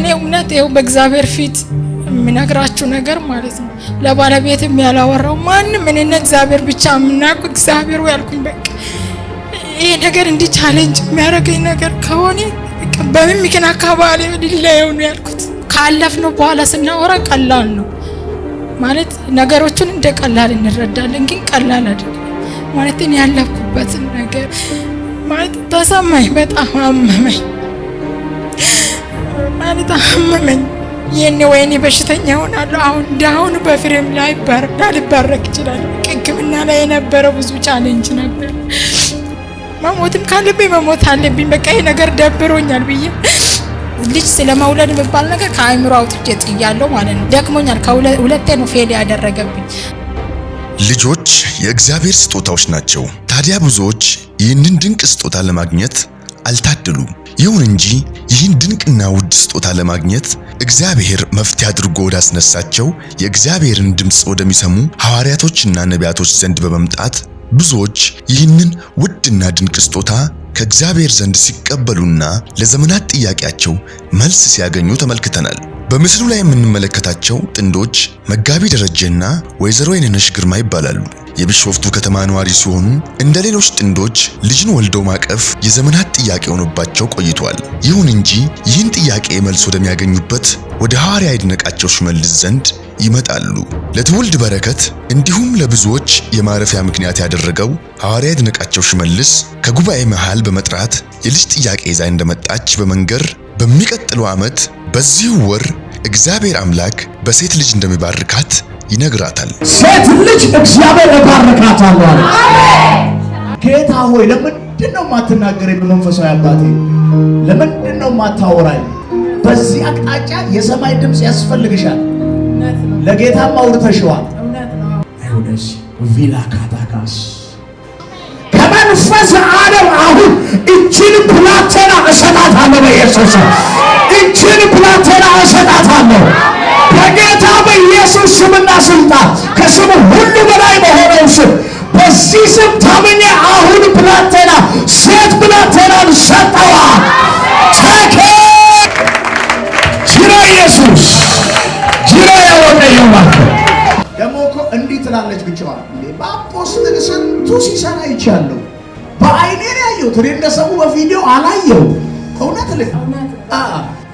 እኔ እውነት ይኸው በእግዚአብሔር ፊት የምነግራችሁ ነገር ማለት ነው። ለባለቤትም ያላወራው ማንም እኔና እግዚአብሔር ብቻ የምናውቁ እግዚአብሔር ያልኩኝ በቃ ይሄ ነገር እንዲህ ቻሌንጅ የሚያደርገኝ ነገር ከሆነ በምን ምክንያት ከባሌ ልለየው ነው ያልኩት። ካለፍነው በኋላ ስናወራ ቀላል ነው ማለት ነገሮቹን እንደ ቀላል እንረዳለን፣ ግን ቀላል አይደለም ማለት ያለፍኩበትን ነገር ማለት ተሰማኝ፣ በጣም አመመኝ። ማለት አመመኝ። ይህን ወይኔ በሽተኛ ሆናለሁ። አሁን እንዳሁን በፍሬም ላይ ላልባረክ ይችላል። ሕክምና ላይ የነበረው ብዙ ቻሌንጅ ነበር። መሞትም ካለብኝ መሞት አለብኝ። በቃ ይህ ነገር ደብሮኛል ብዬ ልጅ ስለ መውለድ የሚባል ነገር ከአእምሮ አውጥቼ ጥያለሁ ማለት ነው። ደክሞኛል። ሁለቴ ነው ፌል ያደረገብኝ። ልጆች የእግዚአብሔር ስጦታዎች ናቸው። ታዲያ ብዙዎች ይህንን ድንቅ ስጦታ ለማግኘት አልታደሉም። ይሁን እንጂ ይህን ድንቅና ውድ ስጦታ ለማግኘት እግዚአብሔር መፍትሄ አድርጎ ወዳስነሳቸው የእግዚአብሔርን ድምፅ ወደሚሰሙ ሐዋርያቶችና ነቢያቶች ዘንድ በመምጣት ብዙዎች ይህንን ውድና ድንቅ ስጦታ ከእግዚአብሔር ዘንድ ሲቀበሉና ለዘመናት ጥያቄያቸው መልስ ሲያገኙ ተመልክተናል። በምስሉ ላይ የምንመለከታቸው ጥንዶች መጋቢ ደረጀና ወይዘሮ የነነሽ ግርማ ይባላሉ። የቢሾፍቱ ከተማ ነዋሪ ሲሆኑ እንደ ሌሎች ጥንዶች ልጅን ወልደው ማቀፍ የዘመናት ጥያቄ ሆኖባቸው ቆይቷል። ይሁን እንጂ ይህን ጥያቄ መልስ ወደሚያገኙበት ወደ ሐዋርያ ይድነቃቸው ሽመልስ ዘንድ ይመጣሉ። ለትውልድ በረከት እንዲሁም ለብዙዎች የማረፊያ ምክንያት ያደረገው ሐዋርያ ይድነቃቸው ሽመልስ ከጉባኤ መሃል በመጥራት የልጅ ጥያቄ ይዛ እንደመጣች በመንገር በሚቀጥለው ዓመት በዚሁ ወር እግዚአብሔር አምላክ በሴት ልጅ እንደሚባርካት ይነግራታል። ሴት ልጅ እግዚአብሔር እባርካታለሁ አለ። ጌታ ሆይ ለምንድን ነው የማትናገረኝ? በመንፈሳዊ አባቴ ለምንድን ነው የማታወራኝ? በዚህ አቅጣጫ የሰማይ ድምፅ ያስፈልግሻል። ለጌታም አውርተሽዋል። ቪላ ካታካስ መንፈስ ዓለም አሁን እችን ብላቴና እሰጣታለሁ፣ በኢየሱስ እችን ብላቴና እሰጣታለሁ በጌታ በኢየሱስ ስምና ስልጣን፣ ከስሙ ሁሉ በላይ በሆነው ስም በዚህ ስም ታምኜ አሁን ብላቴና ሴት ብላቴናን ሰጠዋ። ተከ ጅራ ኢየሱስ ጅራ ያወቀ ይባል ደግሞ እኮ እንዲህ ትላለች ብቻዋን በአፖስትል ስንቱ ሲሰራ ይቻለሁ በአይኔ ነው ያየሁት። እኔ እንደሰሙ በቪዲዮ አላየው። እውነት ልክ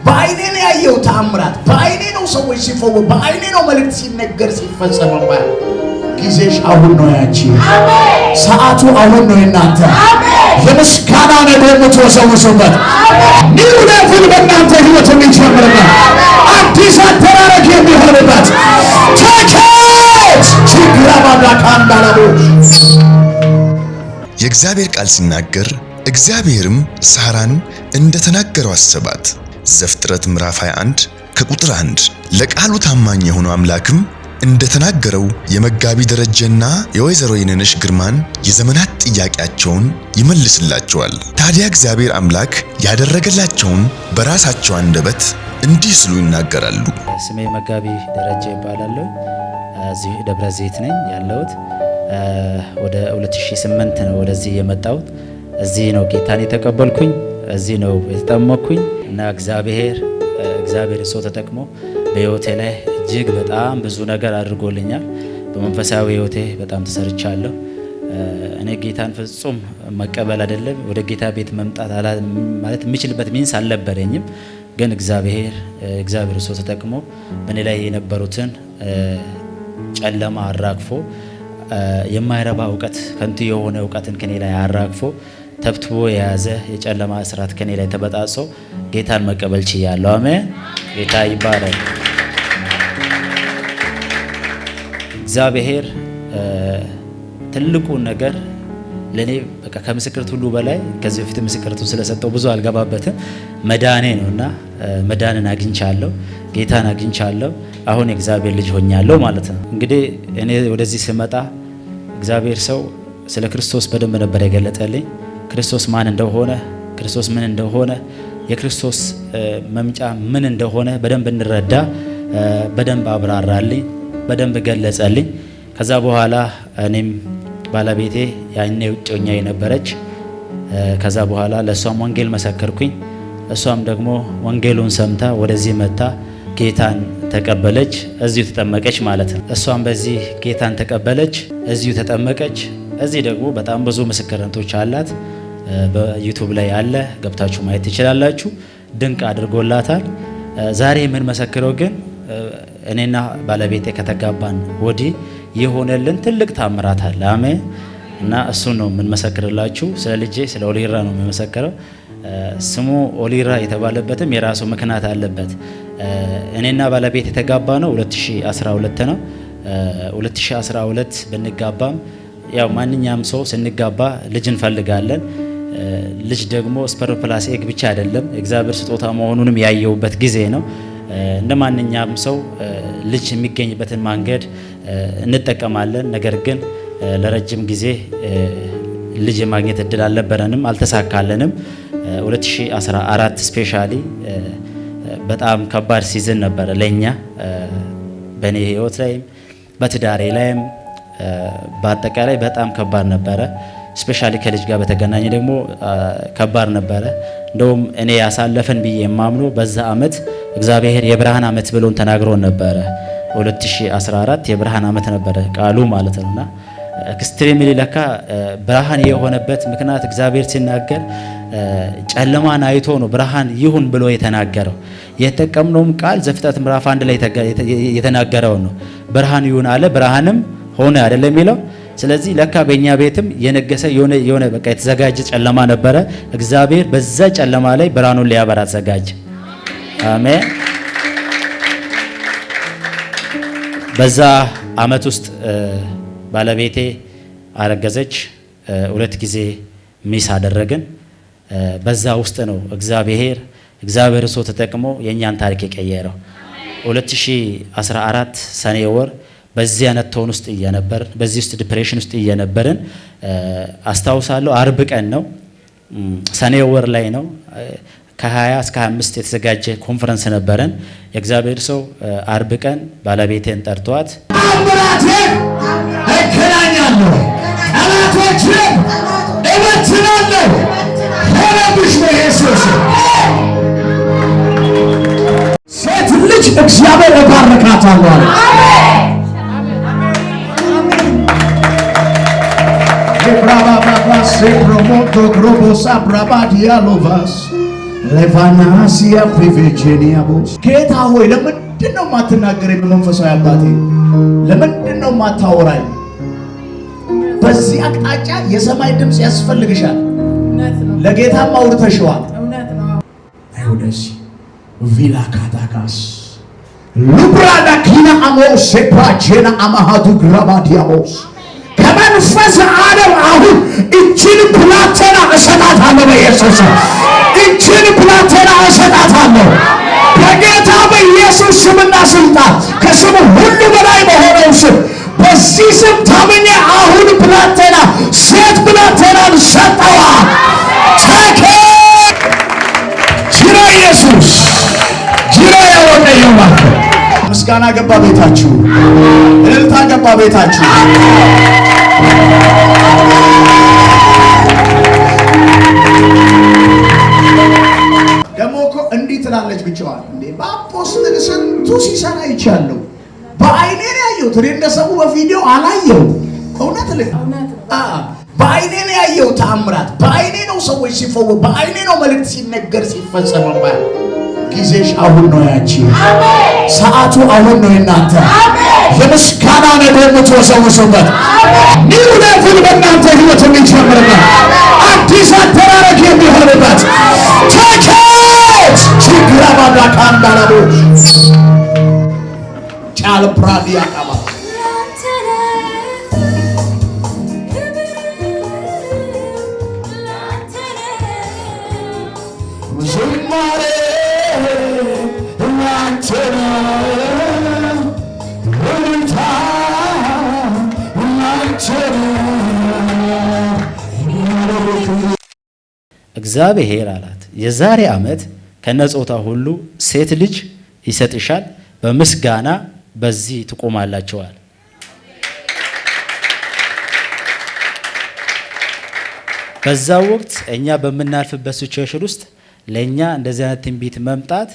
በአይኔ ነው ያየው ተአምራት። በአይኔ ነው ሰዎች ሲፈው፣ በአይኔ ነው መልእክት ሲነገር ሲፈጸም። ጊዜሽ አሁን ነው ያቺ፣ ሰዓቱ አሁን ነው የናንተ። የምስጋና ነገር የምትወሰውሱበት ኒው ሌቭል በእናንተ ህይወት የሚጀምርበት አዲስ አደራረግ የሚሆንበት ቸቸት ችግራ ባዳ ካንዳላቦ የእግዚአብሔር ቃል ሲናገር እግዚአብሔርም ሳራን እንደተናገረው አሰባት። ዘፍጥረት ምዕራፍ 21 ከቁጥር 1። ለቃሉ ታማኝ የሆነው አምላክም እንደተናገረው የመጋቢ ደረጀና የወይዘሮ የነነሽ ግርማን የዘመናት ጥያቄያቸውን ይመልስላቸዋል። ታዲያ እግዚአብሔር አምላክ ያደረገላቸውን በራሳቸው አንደበት እንዲህ ሲሉ ይናገራሉ። ስሜ መጋቢ ደረጀ ይባላለሁ። እዚህ ደብረ ዘይት ነኝ ያለሁት። ወደ 2008 ነው ወደዚህ የመጣሁት። እዚህ ነው ጌታን የተቀበልኩኝ፣ እዚህ ነው የተጠመኩኝ እና እግዚአብሔር እግዚአብሔር ሰው ተጠቅሞ በህይወቴ ላይ እጅግ በጣም ብዙ ነገር አድርጎልኛል። በመንፈሳዊ ህይወቴ በጣም ተሰርቻለሁ። እኔ ጌታን ፍጹም መቀበል አይደለም ወደ ጌታ ቤት መምጣት ማለት የምችልበት ሚንስ አልነበረኝም። ግን እግዚአብሔር እግዚአብሔር ሰው ተጠቅሞ በእኔ ላይ የነበሩትን ጨለማ አራግፎ የማይረባ እውቀት ከንቱ የሆነ እውቀትን ከኔ ላይ አራግፎ ተብትቦ የያዘ የጨለማ እስራት ከኔ ላይ ተበጣሶ ጌታን መቀበል ችያለሁ። አሜን። ጌታ ይባረክ። እግዚአብሔር ትልቁን ነገር ለእኔ በቃ ከምስክርት ሁሉ በላይ ከዚህ በፊት ምስክርቱን ስለሰጠው ብዙ አልገባበትም። መዳኔ ነው እና መዳንን አግኝቻለሁ፣ ጌታን አግኝቻለሁ። አሁን የእግዚአብሔር ልጅ ሆኛለሁ ማለት ነው። እንግዲህ እኔ ወደዚህ ስመጣ እግዚአብሔር ሰው ስለ ክርስቶስ በደንብ ነበር የገለጠልኝ። ክርስቶስ ማን እንደሆነ፣ ክርስቶስ ምን እንደሆነ፣ የክርስቶስ መምጫ ምን እንደሆነ በደንብ እንረዳ፣ በደንብ አብራራልኝ፣ በደንብ ገለጸልኝ። ከዛ በኋላ እኔም ባለቤቴ ያኔ ውጭኛ የነበረች ከዛ በኋላ ለእሷም ወንጌል መሰከርኩኝ። እሷም ደግሞ ወንጌሉን ሰምታ ወደዚህ መታ ጌታን ተቀበለች፣ እዚሁ ተጠመቀች ማለት ነው። እሷም በዚህ ጌታን ተቀበለች፣ እዚሁ ተጠመቀች። እዚህ ደግሞ በጣም ብዙ ምስክርነቶች አላት። በዩቱብ ላይ አለ ገብታችሁ ማየት ትችላላችሁ። ድንቅ አድርጎላታል። ዛሬ የምንመሰክረው ግን እኔና ባለቤቴ ከተጋባን ወዲህ የሆነልን ትልቅ ታምራት አለ። አሜን። እና እሱን ነው የምንመሰክርላችሁ። ስለ ልጄ ስለ ኦሊራ ነው የምንመሰክረው። ስሙ ኦሊራ የተባለበትም የራሱ ምክንያት አለበት። እኔና ባለቤት የተጋባ ነው 2012 ነው። 2012 ብንጋባም ያው ማንኛውም ሰው ስንጋባ ልጅ እንፈልጋለን። ልጅ ደግሞ ስፐርም ኤግ ብቻ አይደለም እግዚአብሔር ስጦታ መሆኑንም ያየውበት ጊዜ ነው። እንደ ማንኛውም ሰው ልጅ የሚገኝበትን መንገድ እንጠቀማለን። ነገር ግን ለረጅም ጊዜ ልጅ የማግኘት እድል አልነበረንም፣ አልተሳካለንም። 2014 ስፔሻሊ በጣም ከባድ ሲዝን ነበረ ለእኛ በእኔ ህይወት ላይም በትዳሬ ላይም በአጠቃላይ በጣም ከባድ ነበረ። ስፔሻሊ ከልጅ ጋር በተገናኘ ደግሞ ከባድ ነበረ። እንደውም እኔ ያሳለፈን ብዬ የማምኖ በዛ አመት እግዚአብሔር የብርሃን አመት ብሎን ተናግሮን ነበረ። 2014 የብርሃን አመት ነበረ ቃሉ ማለት ነውና ኤክስትሪምሊ ለካ ብርሃን የሆነበት ምክንያት እግዚአብሔር ሲናገር ጨለማን አይቶ ነው ብርሃን ይሁን ብሎ የተናገረው። የተጠቀምነውም ቃል ዘፍጥረት ምዕራፍ አንድ ላይ የተናገረው ነው። ብርሃን ይሁን አለ፣ ብርሃንም ሆነ አይደለም የሚለው። ስለዚህ ለካ በእኛ ቤትም የነገሰ የሆነ የሆነ በቃ የተዘጋጀ ጨለማ ነበረ። እግዚአብሔር በዛ ጨለማ ላይ ብርሃኑን ሊያበራ ተዘጋጀ። አሜን። በዛ አመት ውስጥ ባለቤቴ አረገዘች። ሁለት ጊዜ ሚስ አደረግን። በዛ ውስጥ ነው እግዚአብሔር እግዚአብሔር ሰው ተጠቅሞ የእኛን ታሪክ የቀየረው። 2014 ሰኔ ወር በዚህ አይነት ቶን ውስጥ እየነበርን በዚህ ውስጥ ዲፕሬሽን ውስጥ እየነበርን አስታውሳለሁ። አርብ ቀን ነው፣ ሰኔ ወር ላይ ነው። ከ20 እስከ 25 የተዘጋጀ ኮንፈረንስ ነበረን። የእግዚአብሔር ሰው አርብ ቀን ባለቤቴን ጠርቷት እበትናለሁ፣ ጠላቶችን እበትናለሁ። ሆነብሽ በኢየሱስ ሴት ልጅ እግዚአብሔር እባርካታለሁ። ሴፕሮሞቶ ግሮቦሳ ብራባዲያ ሎቫስ ሌቫናሲያ ጌታ ሆይ ለምንድን ነው የማትናገረኝ? በመንፈሳዊ አባቴ ለምንድን ነው የማታወራኝ? በዚህ አቅጣጫ የሰማይ ድምፅ ያስፈልግሻል። ለጌታም አውርተሽዋል። አይሁደሲ ቪላ ካታካስ ሉብራዳ ኪና አሞስ ሴፓቼና አማሃዱ ግራባዲያሞስ ከመንፈስ ዓለም አሁን እችን ብላቴና እሰጣታለሁ። በኢየሱስ እችን ብላቴና እሰጣታለሁ። በጌታ በኢየሱስ ስምና ስልጣን ከስሙ ሁሉ በላይ በሆነው ስም በዚህ ስም ታምኜ አሁን ብላቴና ሴት ብላቴናን ሰጠዋ። ተከ ጅራ ኢየሱስ ጅራ ያወቀ ይባል። ምስጋና ገባ ቤታችሁ፣ እልልታ ገባ ቤታችሁ። ደግሞ እኮ እንዲህ ትላለች ብቻዋን እንዴ በአፖስትል ስንቱ ሲሰራ ይቻለሁ በአይኔ ያየሁት። እኔ እንደሰሙ በቪዲዮ አላየሁም። እውነት ልክ በአይኔ ነው ያየው ተአምራት። በአይኔ ነው ሰዎች ሲፈወ፣ በአይኔ ነው መልእክት ሲነገር ሲፈጸም። ጊዜሽ አሁን ነው ያቺ ሰዓቱ አሁን ነው የናንተ የምስጋና ነገር የምትወሰውሱበት ኒው ሌቭል በእናንተ ህይወት የሚጀምርበት አዲስ አተራረግ የሚሆንበት ተከት ችግራ ባላካ ባዳቃ እንዳለቦ ጫልብራዲያ እግዚአብሔር አላት የዛሬ ዓመት ከነጾታ ሁሉ ሴት ልጅ ይሰጥሻል፣ በምስጋና በዚህ ትቆማላቸዋል። በዛ ወቅት እኛ በምናልፍበት ሲቹዌሽን ውስጥ ለእኛ እንደዚህ አይነት ትንቢት መምጣት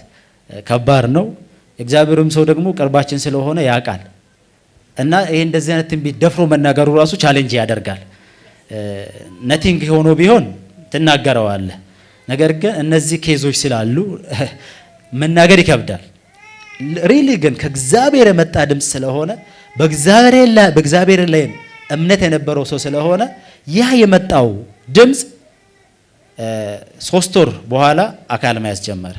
ከባድ ነው። እግዚአብሔርም ሰው ደግሞ ቅርባችን ስለሆነ ያውቃል እና ይሄ እንደዚህ አይነት ትንቢት ደፍሮ መናገሩ ራሱ ቻሌንጅ ያደርጋል። ነቲንግ ሆኖ ቢሆን ትናገረዋለህ። ነገር ግን እነዚህ ኬዞች ስላሉ መናገር ይከብዳል። ሪሊ ግን ከእግዚአብሔር የመጣ ድምፅ ስለሆነ በእግዚአብሔር ላይ እምነት የነበረው ሰው ስለሆነ ያ የመጣው ድምፅ ሶስት ወር በኋላ አካል መያዝ ጀመረ።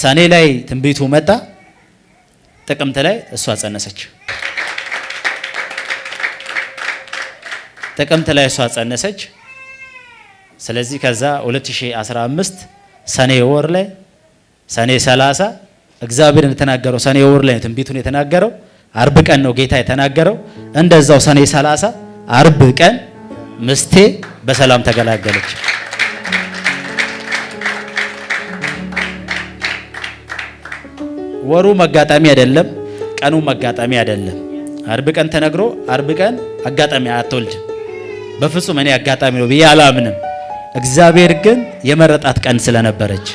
ሰኔ ላይ ትንቢቱ መጣ። ጥቅምት ላይ እሷ ጸነሰች። ጥቅምት ላይ እሷ ጸነሰች። ስለዚህ ከዛ 2015 ሰኔ ወር ላይ ሰኔ 30 እግዚአብሔር የተናገረው ሰኔ ወር ላይ ትንቢቱን የተናገረው አርብ ቀን ነው ጌታ የተናገረው። እንደዛው ሰኔ 30 አርብ ቀን ምስቴ በሰላም ተገላገለች። ወሩ መጋጣሚ አይደለም፣ ቀኑ መጋጣሚ አይደለም። አርብ ቀን ተነግሮ አርብ ቀን አጋጣሚ አትወልድ። በፍጹም እኔ አጋጣሚ ነው ብዬ አላምንም። እግዚአብሔር ግን የመረጣት ቀን ስለነበረች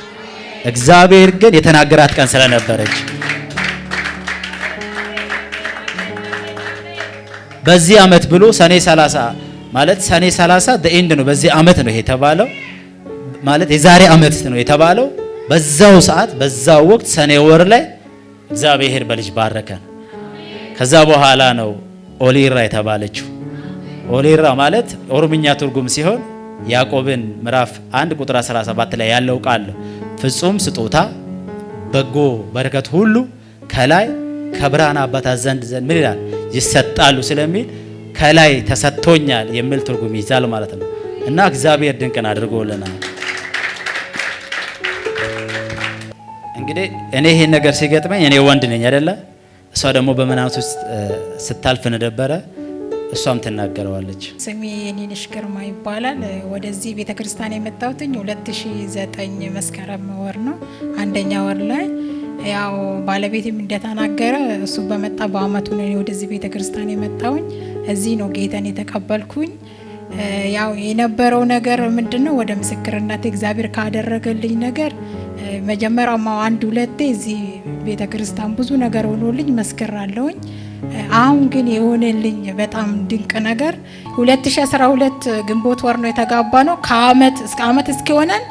እግዚአብሔር ግን የተናገራት ቀን ስለነበረች በዚህ አመት ብሎ ሰኔ 30 ማለት ሰኔ 30 ደ ኤንድ ነው። በዚህ አመት ነው የተባለው ማለት የዛሬ አመት ነው የተባለው። በዛው ሰዓት በዛው ወቅት ሰኔ ወር ላይ እግዚአብሔር በልጅ ባረከን። ከዛ በኋላ ነው ኦሊራ የተባለችው። ኦሊራ ማለት ኦሮምኛ ትርጉም ሲሆን ያዕቆብን ምዕራፍ 1 ቁጥር 17 ላይ ያለው ቃል ፍጹም ስጦታ በጎ በረከት ሁሉ ከላይ ከብርሃን አባታት ዘንድ ዘንድ ምን ይላል ይሰጣሉ ስለሚል ከላይ ተሰጥቶኛል የሚል ትርጉም ይዛል ማለት ነው። እና እግዚአብሔር ድንቅን አድርጎልናል። እንግዲህ እኔ ይሄን ነገር ሲገጥመኝ እኔ ወንድ ነኝ አይደለ? እሷ ደግሞ በመናት ውስጥ ስታልፍ ነበረ። እሷም ትናገረዋለች። ስሜ የኔነሽ ግርማ ይባላል። ወደዚህ ቤተ ክርስቲያን የመጣሁትኝ 2009 መስከረም ወር ነው። አንደኛ ወር ላይ ያው ባለቤትም እንደተናገረ እሱ በመጣ በአመቱ ነው ወደዚህ ቤተ ክርስቲያን የመጣሁኝ። እዚህ ነው ጌታን የተቀበልኩኝ። ያው የነበረው ነገር ምንድን ነው? ወደ ምስክርነት እግዚአብሔር ካደረገልኝ ነገር መጀመሪያው አንድ ሁለቴ እዚህ ቤተ ክርስቲያን ብዙ ነገር ሆኖልኝ መስክር አለውኝ አሁን ግን የሆነልኝ በጣም ድንቅ ነገር 2012 ግንቦት ወር ነው የተጋባ ነው። ከአመት እስከ አመት እስኪሆነን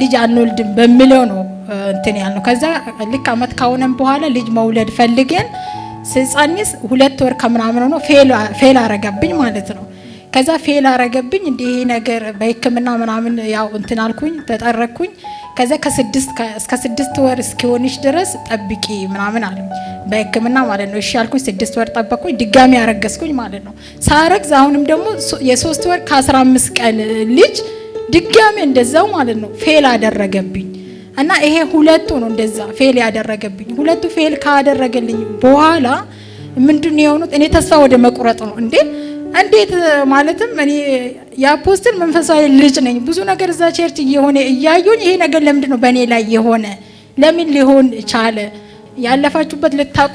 ልጅ አንወልድም በሚለው ነው እንትን ያልነው። ከዛ ልክ አመት ካሆነን በኋላ ልጅ መውለድ ፈልገን ስንጸንስ ሁለት ወር ከምናምን ነው ፌል አረገብኝ ማለት ነው። ከዛ ፌል አረገብኝ እንደ ይሄ ነገር በህክምና ምናምን ያው እንትን አልኩኝ ተጠረኩኝ። ከዛ ከስድስት እስከ ስድስት ወር እስኪሆንሽ ድረስ ጠብቂ ምናምን አለ በህክምና ማለት ነው። እሺ አልኩኝ። ስድስት ወር ጠበቅኩኝ። ድጋሚ ያረገዝኩኝ ማለት ነው። ሳረግዝ አሁንም ደግሞ የሶስት ወር ከአስራ አምስት ቀን ልጅ ድጋሚ እንደዛው ማለት ነው ፌል አደረገብኝ። እና ይሄ ሁለቱ ነው እንደዛ ፌል ያደረገብኝ። ሁለቱ ፌል ካደረገልኝ በኋላ ምንድን የሆኑት እኔ ተስፋ ወደ መቁረጥ ነው እንዴ እንዴት ማለትም እኔ የአፖስትል መንፈሳዊ ልጅ ነኝ። ብዙ ነገር እዛ ቸርች እየሆነ እያዩኝ ይሄ ነገር ለምንድን ነው በእኔ ላይ የሆነ ለምን ሊሆን ቻለ? ያለፋችሁበት ልታውቁ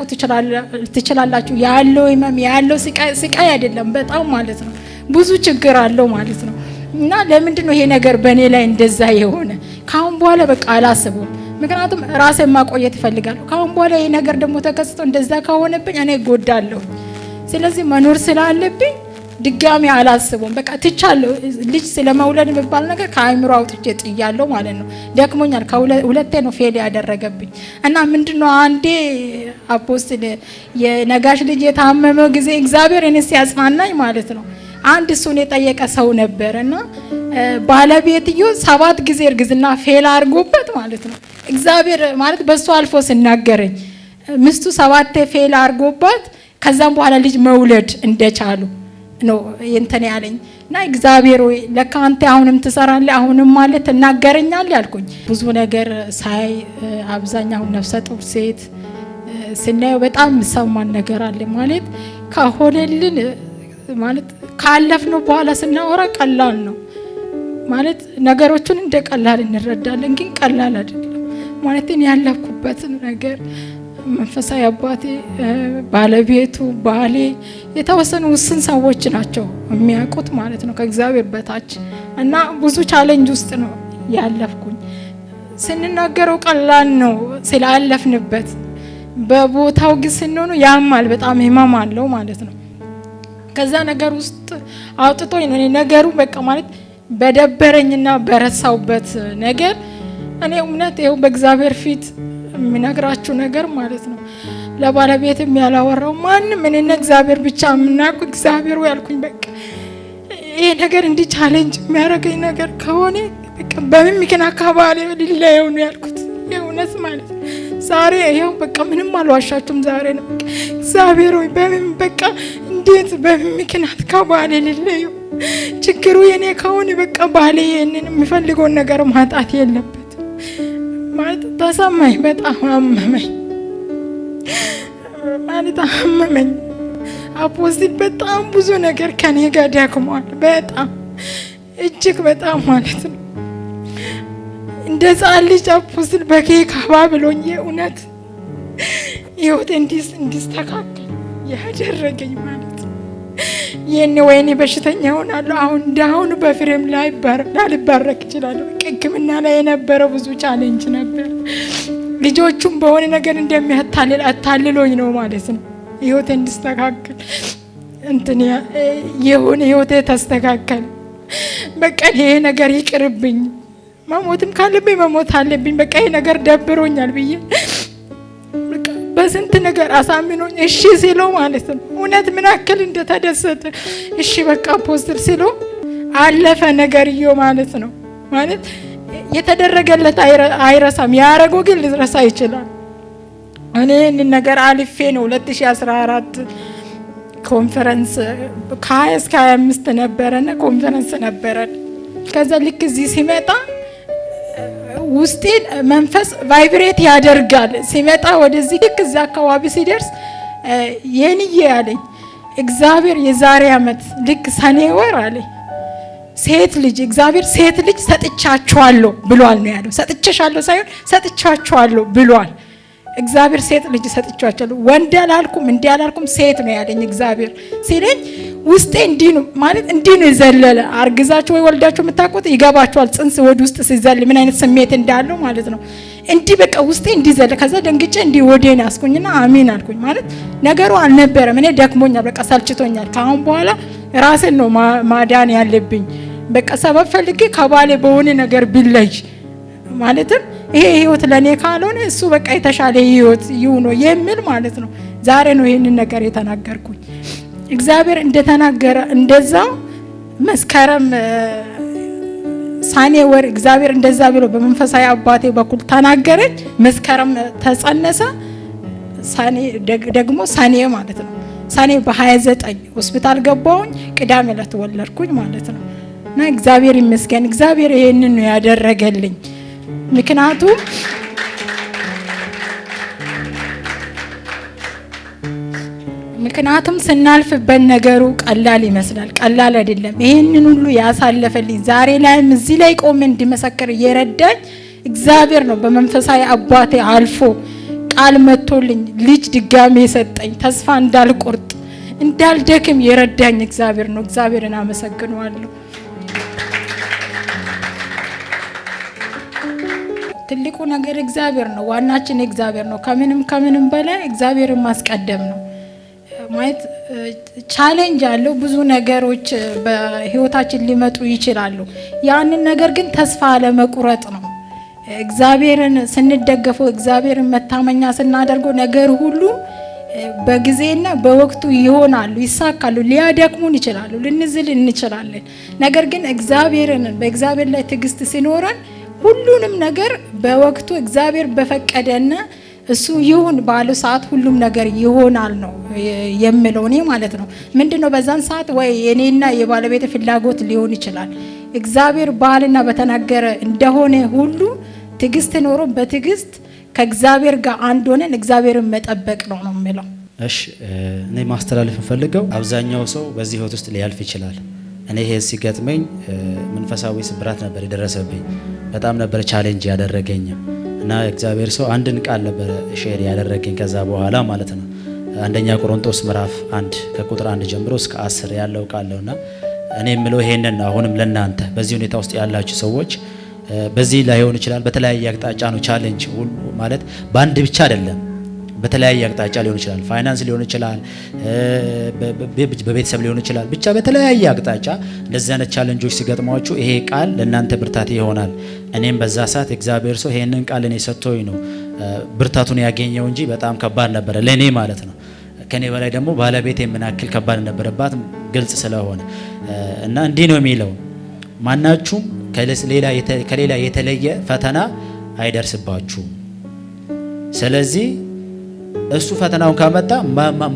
ትችላላችሁ። ያለው ህመም ያለው ስቃይ አይደለም፣ በጣም ማለት ነው ብዙ ችግር አለው ማለት ነው። እና ለምንድን ነው ይሄ ነገር በእኔ ላይ እንደዛ የሆነ? ካሁን በኋላ በቃ አላስበውም። ምክንያቱም ራሴን ማቆየት እፈልጋለሁ። ካሁን በኋላ ይሄ ነገር ደግሞ ተከስቶ እንደዛ ከሆነብኝ እኔ እጎዳለሁ። ስለዚህ መኖር ስላለብኝ ድጋሚ አላስቡም። በቃ ትቻለሁ። ልጅ ስለመውለድ የሚባል ነገር ከአእምሮ አውጥቼ ጥያለሁ ማለት ነው። ደክሞኛል። ሁለቴ ነው ፌል ያደረገብኝ እና ምንድነው አንዴ አፖስትል የነጋሽ ልጅ የታመመ ጊዜ እግዚአብሔር እኔ ሲያጽናናኝ ማለት ነው አንድ እሱን የጠየቀ ሰው ነበር እና ባለቤትዮ ሰባት ጊዜ እርግዝና ፌል አድርጎበት ማለት ነው እግዚአብሔር ማለት በእሱ አልፎ ስናገረኝ ምስቱ ሰባቴ ፌል አድርጎባት ከዛም በኋላ ልጅ መውለድ እንደቻሉ ነው እንትን ያለኝ እና እግዚአብሔር ወይ ለካ አንተ አሁንም ትሰራለህ አሁንም ማለት ትናገረኛል ያልኩኝ። ብዙ ነገር ሳይ አብዛኛውን ነፍሰ ጡር ሴት ስናየው በጣም የምሰማን ነገር አለ ማለት ከሆነልን ማለት ካለፍነው በኋላ ስናወራ ቀላል ነው ማለት ነገሮቹን እንደ ቀላል እንረዳለን፣ ግን ቀላል አይደለም ማለት ያለፍኩበትን ነገር መንፈሳዊ አባቴ፣ ባለቤቱ፣ ባሌ የተወሰኑ ውስን ሰዎች ናቸው የሚያውቁት ማለት ነው ከእግዚአብሔር በታች እና ብዙ ቻሌንጅ ውስጥ ነው ያለፍኩኝ። ስንናገረው ቀላል ነው ስላለፍንበት፣ በቦታው ግን ስንሆኑ ያማል፣ በጣም ህመም አለው ማለት ነው። ከዛ ነገር ውስጥ አውጥቶ ነገሩ በቃ ማለት በደበረኝና በረሳውበት ነገር እኔ እውነት ይኸው በእግዚአብሔር ፊት የሚነግራችሁ ነገር ማለት ነው። ለባለቤትም ያላወራው ማንም እኔና እግዚአብሔር ብቻ የምናውቁ እግዚአብሔር ያልኩኝ በቃ ይሄ ነገር እንዲህ ቻሌንጅ የሚያደርገኝ ነገር ከሆነ በቃ በምን ምክንያት ከባሌ ልለየው ነው ያልኩት። የእውነት ማለት ነው። ዛሬ ይኸው በቃ ምንም አልዋሻችሁም። ዛሬ ነው እግዚአብሔር ወይ በምን በቃ እንዴት በምን ምክንያት ከባሌ ልለየው? ችግሩ የኔ ከሆነ በቃ ባሌ ይህንን የሚፈልገውን ነገር ማጣት የለበትም። ማለት ተሰማኝ። በጣም አመመኝ ማለት አመመኝ። አፖስቲል በጣም ብዙ ነገር ከኔ ጋር ደክሟል። በጣም እጅግ በጣም ማለት ነው እንደ ሕፃን ልጅ አፖስቲል በኬክ አባ ብሎኝ የእውነት ህይወት እንዲስተካከል ያደረገኝ ማለት ይህን ወይኔ በሽተኛ ሆናለሁ አሁን እንዳሁኑ በፍሬም ላይ ላልባረክ ይችላለሁ። ሕክምና ላይ የነበረው ብዙ ቻሌንጅ ነበር። ልጆቹም በሆነ ነገር እንደሚያታልል አታልሎኝ ነው ማለት ነው። ህይወቴ እንድስተካከል እንትን የሆነ ህይወቴ ተስተካከል። በቀን ይሄ ነገር ይቅርብኝ፣ መሞትም ካለብኝ መሞት አለብኝ። በቃ ይሄ ነገር ደብሮኛል ብዬ በስንት ነገር አሳምኖኝ እሺ ሲሎ ማለት ነው እውነት ምን ያክል እንደተደሰተ እሺ በቃ ፖስትር ሲሎ አለፈ ነገርዮ ማለት ነው። ማለት የተደረገለት አይረሳም፣ ያረገው ግን ሊረሳ ይችላል። እኔ ይህንን ነገር አልፌ ነው 2014 ኮንፈረንስ ከ20 እስከ 25 ነበረና ኮንፈረንስ ነበረ። ከዛ ልክ እዚህ ሲመጣ ውስጤን መንፈስ ቫይብሬት ያደርጋል። ሲመጣ ወደዚህ ልክ እዚ አካባቢ ሲደርስ የንዬ አለኝ እግዚአብሔር የዛሬ ዓመት ልክ ሰኔ ወር አለኝ ሴት ልጅ እግዚአብሔር ሴት ልጅ ሰጥቻችኋለሁ ብሏል ነው ያለው። ሰጥቼሻለሁ ሳይሆን ሰጥቻችኋለሁ ብሏል። እግዚአብሔር ሴት ልጅ ሰጥቻቸው ወንድ አላልኩም፣ እንዲህ አላልኩም፣ ሴት ነው ያለኝ እግዚአብሔር ሲለኝ ውስጤ እንዲህ ነው ማለት እንዲህ ነው የዘለለ። አርግዛችሁ ወይ ወልዳችሁ የምታውቁት ይገባችኋል፣ ጽንስ ወድ ውስጥ ሲዘል ምን አይነት ስሜት እንዳለው ማለት ነው። እንዲህ በቃ ውስጤ እንዲህ ዘለ። ከዛ ደንግጬ እንዲህ ወዴን አስኩኝና አሚን አልኩኝ። ማለት ነገሩ አልነበረም። እኔ ደክሞኛል፣ በቃ ሰልችቶኛል። ከአሁን በኋላ ራስን ነው ማዳን ያለብኝ። በቃ ሰበብ ፈልጌ ከባሌ በሆነ ነገር ቢለይ ማለትም ይሄ ህይወት ለእኔ ካልሆነ እሱ በቃ የተሻለ ህይወት ይሁኖ የሚል ማለት ነው። ዛሬ ነው ይህንን ነገር የተናገርኩኝ። እግዚአብሔር እንደተናገረ እንደዛው መስከረም ሳኔ ወር እግዚአብሔር እንደዛ ብሎ በመንፈሳዊ አባቴ በኩል ተናገረኝ። መስከረም ተጸነሰ። ሳኔ ደግሞ ሳኔ ማለት ነው። ሳኔ በ29 ሆስፒታል ገባሁኝ። ቅዳሜ ለተወለድኩኝ ማለት ነው። እና እግዚአብሔር ይመስገን። እግዚአብሔር ይሄንን ነው ያደረገልኝ። ምክንያቱም ምክንያቱም ስናልፍበት ነገሩ ቀላል ይመስላል። ቀላል አይደለም። ይህንን ሁሉ ያሳለፈልኝ ዛሬ ላይም እዚህ ላይ ቆሜ እንድመሰክር እየረዳኝ እግዚአብሔር ነው። በመንፈሳዊ አባቴ አልፎ ቃል መጥቶልኝ ልጅ ድጋሜ የሰጠኝ ተስፋ እንዳልቆርጥ እንዳልደክም የረዳኝ እግዚአብሔር ነው። እግዚአብሔርን አመሰግነዋለሁ። ትልቁ ነገር እግዚአብሔር ነው። ዋናችን እግዚአብሔር ነው። ከምንም ከምንም በላይ እግዚአብሔርን ማስቀደም ነው። ማለት ቻሌንጅ አለው ብዙ ነገሮች በህይወታችን ሊመጡ ይችላሉ። ያንን ነገር ግን ተስፋ አለመቁረጥ ነው። እግዚአብሔርን ስንደገፈው፣ እግዚአብሔርን መታመኛ ስናደርገው ነገር ሁሉ በጊዜና በወቅቱ ይሆናሉ፣ ይሳካሉ። ሊያደክሙን ይችላሉ፣ ልንዝል እንችላለን። ነገር ግን እግዚአብሔርን በእግዚአብሔር ላይ ትዕግስት ሲኖረን ሁሉንም ነገር በወቅቱ እግዚአብሔር በፈቀደና እሱ ይሁን ባሉ ሰዓት ሁሉም ነገር ይሆናል ነው የምለው እኔ ማለት ነው። ምንድነው በዛን ሰዓት ወይ የኔና የባለቤት ፍላጎት ሊሆን ይችላል። እግዚአብሔር ባልና በተናገረ እንደሆነ ሁሉ ትዕግስት ኖሮ በትዕግስት ከእግዚአብሔር ጋር አንድ ሆነን እግዚአብሔርን መጠበቅ ነው ነው የምለው። እሺ እኔ ማስተላለፍ እንፈልገው አብዛኛው ሰው በዚህ ህይወት ውስጥ ሊያልፍ ይችላል። እኔ ይሄ ሲገጥመኝ መንፈሳዊ ስብራት ነበር የደረሰብኝ በጣም ነበር ቻሌንጅ ያደረገኝም እና እግዚአብሔር ሰው አንድን ቃል ነበረ ሼር ያደረገኝ ከዛ በኋላ ማለት ነው። አንደኛ ቆሮንቶስ ምዕራፍ አንድ ከቁጥር አንድ ጀምሮ እስከ አስር ያለው ቃል ነውና እኔ የምለው ይሄንን ነው። አሁንም ለእናንተ በዚህ ሁኔታ ውስጥ ያላችሁ ሰዎች በዚህ ላይሆን ይችላል። በተለያየ አቅጣጫ ነው ቻሌንጅ ሁሉ ማለት በአንድ ብቻ አይደለም በተለያየ አቅጣጫ ሊሆን ይችላል። ፋይናንስ ሊሆን ይችላል፣ በቤተሰብ ሊሆን ይችላል። ብቻ በተለያየ አቅጣጫ እንደዚህ አይነት ቻለንጆች ሲገጥሟችሁ ይሄ ቃል ለእናንተ ብርታት ይሆናል። እኔም በዛ ሰዓት እግዚአብሔር ሰው ይሄንን ቃል እኔ ሰጥቶኝ ነው ብርታቱን ያገኘው እንጂ በጣም ከባድ ነበረ ለእኔ ማለት ነው። ከኔ በላይ ደግሞ ባለቤት የምናክል ያክል ከባድ ነበረባት ግልጽ ስለሆነ እና እንዲህ ነው የሚለው ማናችሁም ከሌላ የተለየ ፈተና አይደርስባችሁም። ስለዚህ እሱ ፈተናውን ካመጣ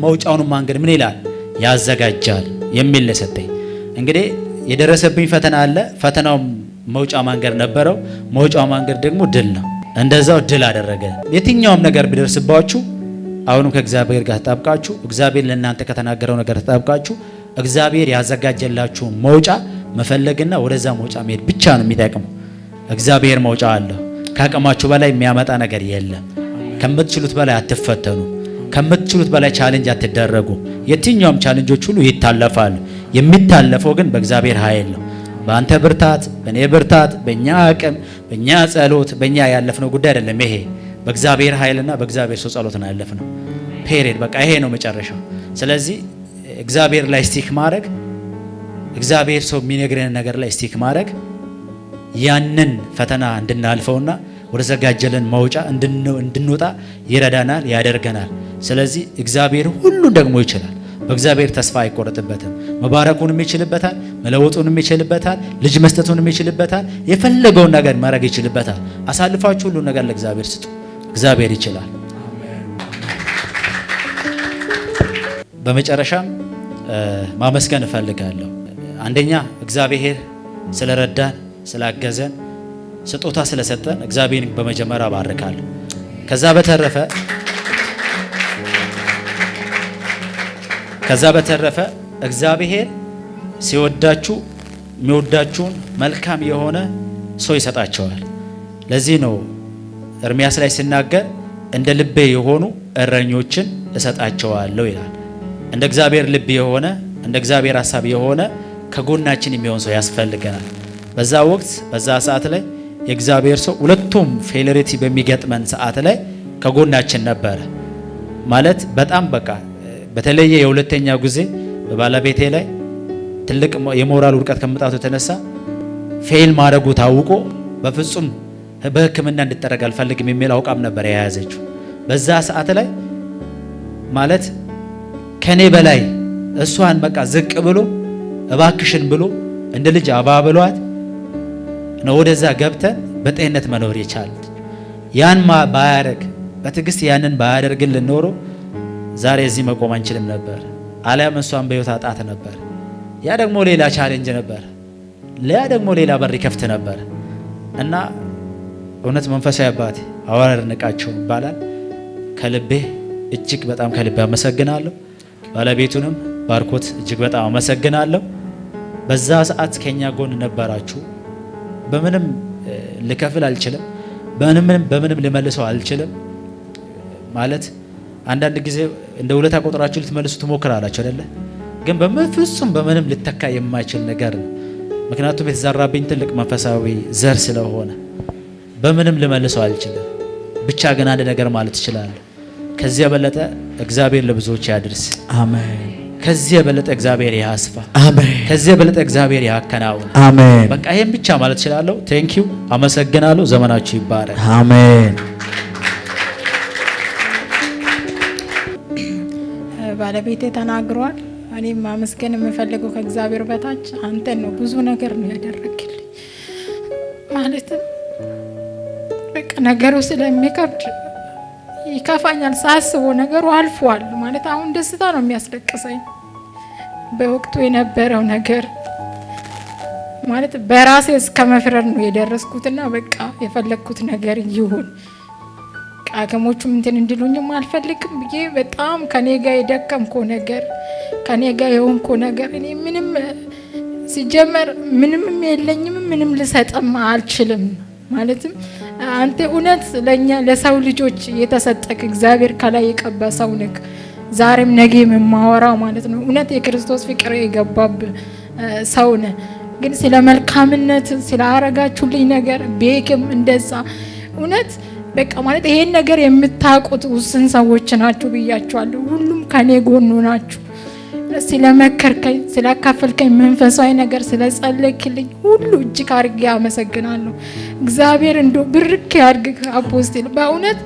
መውጫውን መንገድ ምን ይላል ያዘጋጃል የሚል ነው የሰጠኝ። እንግዲህ የደረሰብኝ ፈተና አለ። ፈተናው መውጫ መንገድ ነበረው። መውጫው መንገድ ደግሞ ድል ነው። እንደዛው ድል አደረገ። የትኛውም ነገር ቢደርስባችሁ አሁንም ከእግዚአብሔር ጋር ተጣብቃችሁ እግዚአብሔር ለእናንተ ከተናገረው ነገር ተጣብቃችሁ እግዚአብሔር ያዘጋጀላችሁ መውጫ መፈለግና ወደዛ መውጫ መሄድ ብቻ ነው የሚጠቅመው። እግዚአብሔር መውጫ አለው። ከአቅማችሁ በላይ የሚያመጣ ነገር የለም። ከምትችሉት በላይ አትፈተኑ። ከምትችሉት በላይ ቻሌንጅ አትደረጉ። የትኛውም ቻሌንጆች ሁሉ ይታለፋሉ። የሚታለፈው ግን በእግዚአብሔር ኃይል ነው። በአንተ ብርታት፣ በእኔ ብርታት፣ በእኛ አቅም፣ በእኛ ጸሎት፣ በእኛ ያለፍነው ጉዳይ አይደለም። ይሄ በእግዚአብሔር ኃይልና በእግዚአብሔር ሰው ጸሎት ነው ያለፍነው። ፔሬድ በቃ ይሄ ነው መጨረሻው። ስለዚህ እግዚአብሔር ላይ ስቲክ ማድረግ፣ እግዚአብሔር ሰው የሚነግረን ነገር ላይ ስቲክ ማድረግ ያንን ፈተና እንድናልፈውና ወደ ዘጋጀለን ማውጫ እንድንወጣ ይረዳናል፣ ያደርገናል። ስለዚህ እግዚአብሔር ሁሉን ደግሞ ይችላል። በእግዚአብሔር ተስፋ አይቆረጥበትም። መባረኩንም ይችልበታል፣ መለወጡንም ይችልበታል፣ ልጅ መስጠቱንም ይችልበታል። የፈለገውን ነገር ማድረግ ይችልበታል። አሳልፋችሁ ሁሉን ነገር ለእግዚአብሔር ስጡ። እግዚአብሔር ይችላል። በመጨረሻም ማመስገን እፈልጋለሁ። አንደኛ እግዚአብሔር ስለረዳን ስላገዘን ስጦታ ስለሰጠን እግዚአብሔር በመጀመሪያ ባርካለሁ። ከዛ በተረፈ ከዛ በተረፈ እግዚአብሔር ሲወዳችሁ የሚወዳችሁን መልካም የሆነ ሰው ይሰጣቸዋል። ለዚህ ነው እርሚያስ ላይ ሲናገር እንደ ልቤ የሆኑ እረኞችን እሰጣቸዋለሁ ይላል። እንደ እግዚአብሔር ልብ የሆነ እንደ እግዚአብሔር ሀሳብ የሆነ ከጎናችን የሚሆን ሰው ያስፈልገናል። በዛ ወቅት በዛ ሰዓት ላይ የእግዚአብሔር ሰው ሁለቱም ፌለሪቲ በሚገጥመን ሰዓት ላይ ከጎናችን ነበረ። ማለት በጣም በቃ በተለየ የሁለተኛው ጊዜ በባለቤቴ ላይ ትልቅ የሞራል ውድቀት ከመጣቱ የተነሳ ፌል ማድረጉ ታውቆ በፍጹም በሕክምና እንድጠረግ አልፈልግም የሚል አውቃም ነበር የያዘችው። በዛ ሰዓት ላይ ማለት ከኔ በላይ እሷን በቃ ዝቅ ብሎ እባክሽን ብሎ እንደ ልጅ አባብሏት ነው ወደዛ ገብተን በጤንነት መኖር የቻል ያን ባያደርግ በትዕግስት ያንን ባያደርግን ኖሮ ዛሬ እዚህ መቆም አንችልም ነበር። አሊያም እሷን በህይወት አጣት ነበር። ያ ደግሞ ሌላ ቻሌንጅ ነበር። ለያ ደግሞ ሌላ በር ይከፍት ነበር እና እውነት መንፈሳዊ አባት ሐዋርያ ንቃቸው ይባላል። ከልቤ እጅግ በጣም ከልቤ አመሰግናለሁ። ባለቤቱንም ባርኮት እጅግ በጣም አመሰግናለሁ። በዛ ሰዓት ከኛ ጎን ነበራችሁ። በምንም ልከፍል አልችልም፣ በምንም በምንም ልመልሰው አልችልም። ማለት አንዳንድ ጊዜ እንደ ውለታ ቆጥራችሁ ልትመልሱ ትሞክራላችሁ አይደለ? ግን በፍጹም በምንም ልተካ የማይችል ነገር ነው። ምክንያቱም የተዘራብኝ ትልቅ መንፈሳዊ ዘር ስለሆነ በምንም ልመልሰው አልችልም። ብቻ ግን አንድ ነገር ማለት እችላለሁ፣ ከዚያ በለጠ እግዚአብሔር ለብዙዎች ያድርስ። አሜን። ከዚህ የበለጠ እግዚአብሔር ያስፋ። አሜን። ከዚህ የበለጠ እግዚአብሔር ያከናውን። አሜን። በቃ ይሄን ብቻ ማለት እችላለሁ። ቴንክ ዩ አመሰግናለሁ። ዘመናችሁ ይባረክ። አሜን። ባለቤቴ ተናግሯል። እኔም ማመስገን የምፈልገው ከእግዚአብሔር በታች አንተን ነው። ብዙ ነገር ነው ያደረግልኝ። ማለትም በቃ ነገሩ ስለሚከብድ ይከፋኛል ሳስቦ ነገሩ አልፏል ማለት አሁን ደስታ ነው የሚያስለቅሰኝ። በወቅቱ የነበረው ነገር ማለት በራሴ እስከ መፍረር ነው የደረስኩትና በቃ የፈለግኩት ነገር ይሁን ሐኪሞቹም እንትን እንዲሉኝም አልፈልግም ብዬ በጣም ከኔ ጋር የደከምኮ ነገር ከኔ ጋር የሆንኮ ነገር እኔ ምንም ሲጀመር ምንም የለኝም፣ ምንም ልሰጥም አልችልም ማለትም አንተ እውነት ለኛ ለሰው ልጆች የተሰጠክ እግዚአብሔር ከላይ የቀባ ሰው ነክ ዛሬም ነገ የማወራው ማለት ነው። እውነት የክርስቶስ ፍቅር የገባብ ሰው ነ ግን ስለ መልካምነት አረጋችሁልኝ ነገር ቤክም እንደዛ እውነት በቃ ማለት ይሄን ነገር የምታውቁት ውስን ሰዎች ናችሁ ብያችኋለሁ። ሁሉም ከኔ ጎኑ ናችሁ። ስለመከርከኝ፣ ስላካፈልከኝ መንፈሳዊ ነገር ስለጸለይክልኝ ሁሉ እጅግ አድርጌ አመሰግናለሁ። እግዚአብሔር እንዶ ብርክ ያድርግ አፖስቴል። በእውነት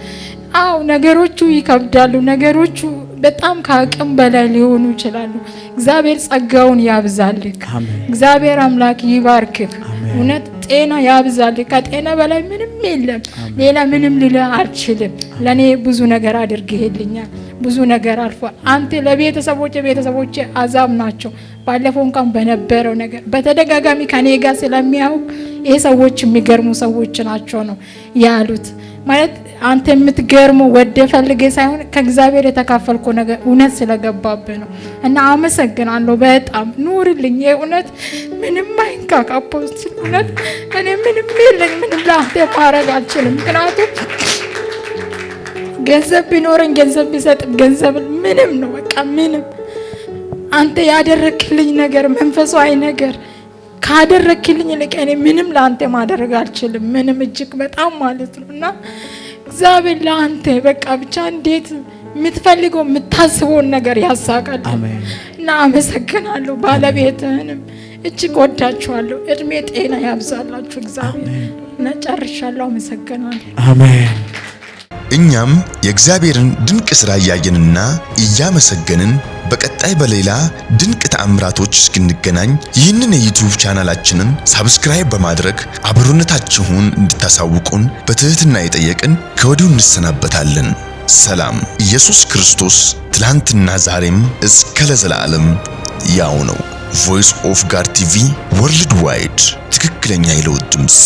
አው ነገሮቹ ይከብዳሉ። ነገሮቹ በጣም ከአቅም በላይ ሊሆኑ ይችላሉ። እግዚአብሔር ጸጋውን ያብዛልክ። እግዚአብሔር አምላክ ይባርክክ። እውነት ጤና ያብዛልክ። ከጤና በላይ ምንም የለም። ሌላ ምንም ልልህ አልችልም። ለእኔ ብዙ ነገር አድርግህልኛል። ብዙ ነገር አልፏል። አንተ ለቤተሰቦች ቤተሰቦች አዛብ ናቸው። ባለፈው እንኳን በነበረው ነገር በተደጋጋሚ ከኔ ጋር ስለሚያውቅ ይሄ ሰዎች የሚገርሙ ሰዎች ናቸው ነው ያሉት። ማለት አንተ የምትገርሙ ወደ ፈልገ ሳይሆን ከእግዚአብሔር የተካፈልኩ ነገር እውነት ስለገባብ ነው። እና አመሰግናለሁ በጣም ኑርልኝ። የእውነት ምንም አይንካክ አፖስት እውነት እኔ ምንም የለኝ ምንም ለአንተ ማድረግ አልችልም ምክንያቱም ገንዘብ ቢኖረኝ ገንዘብ ቢሰጥ ገንዘብ ምንም ነው፣ በቃ ምንም። አንተ ያደረክልኝ ነገር መንፈሳዊ ነገር ካደረክልኝ ይልቅ እኔ ምንም ለአንተ ማድረግ አልችልም፣ ምንም እጅግ በጣም ማለት ነው። እና እግዚአብሔር ለአንተ በቃ ብቻ እንዴት የምትፈልገው የምታስበውን ነገር ያሳቃል። እና አመሰግናለሁ ባለቤትህንም እጅግ ወዳችኋለሁ። እድሜ ጤና ያብዛላችሁ እግዚአብሔር። እና ጨርሻለሁ። አመሰግናለሁ። አሜን። እኛም የእግዚአብሔርን ድንቅ ሥራ እያየንና እያመሰገንን በቀጣይ በሌላ ድንቅ ተአምራቶች እስክንገናኝ ይህንን የዩቲዩብ ቻናላችንን ሳብስክራይብ በማድረግ አብሮነታችሁን እንድታሳውቁን በትህትና የጠየቅን ከወዲሁ እንሰናበታለን። ሰላም። ኢየሱስ ክርስቶስ ትላንትና ዛሬም እስከ ለዘላለም ያው ነው። ቮይስ ኦፍ ጋድ ቲቪ ወርልድ ዋይድ ትክክለኛ የለውጥ ድምፅ